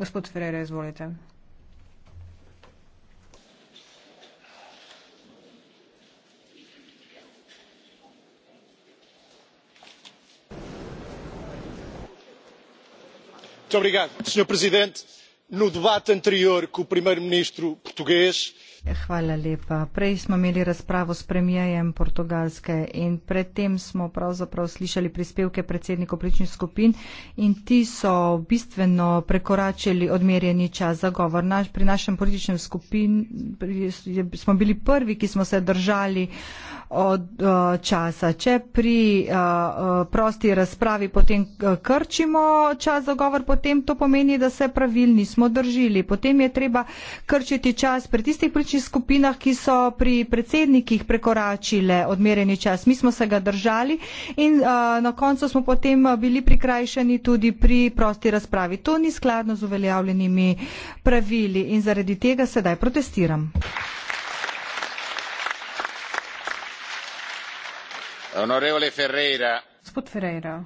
Gospod Ferreira, izvolite. Muito obrigado. Senhor Presidente, no debate anterior com o Primeiro-Ministro português, Ja, hvala lepa. Prej smo imeli razpravo s premijejem Portugalske in predtem smo pravzaprav slišali prispevke predsednikov pričnih skupin in ti so bistveno prekoračili odmerjeni čas za govor. Naš, pri našem političnem skupin smo bili prvi, ki smo se držali od uh, časa. Če pri uh, prosti razpravi potem krčimo čas za govor, potem to pomeni, da se pravil nismo držili. Potem je treba krčiti čas pri tistih političnih različnih skupinah, ki so pri predsednikih prekoračile odmereni čas. Mi smo se ga držali in uh, na koncu smo potem eh, bili prikrajšani tudi pri prosti razpravi. To ni skladno z uveljavljenimi pravili in zaradi tega sedaj protestiram. Onorevole Ferreira. Gospod Ferreira.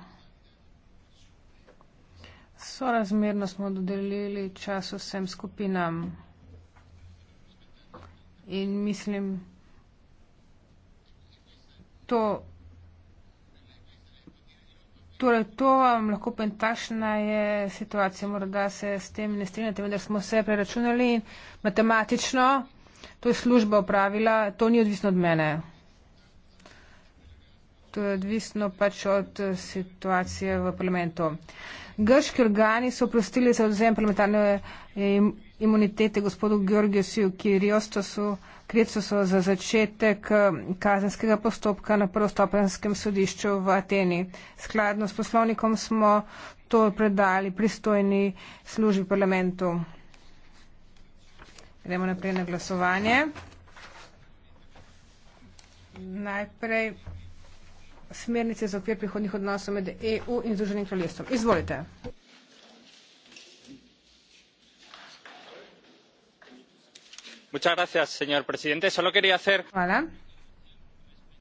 Sorazmerno smo dodelili čas vsem skupinam. In mislim, to, torej to vam lahko povem, takšna je situacija, morda se s tem ne strinjate, vendar smo se preračunali in matematično to je služba opravila, to ni odvisno od mene to je eh, odvisno pač od eh, situacije v parlamentu. Grški organi so oprostili za odzem parlamentarne eh, imunitete gospodu Georgiosu Kiriostosu Kricosu za začetek kazenskega postopka na prvostopenskem sodišču v Ateni. Skladno s poslovnikom smo to predali pristojni službi parlamentu. Gremo naprej na glasovanje. Najprej smernice za okvir prihodnih odnosov med EU in Združenim kraljestvom. Izvolite. Hvala.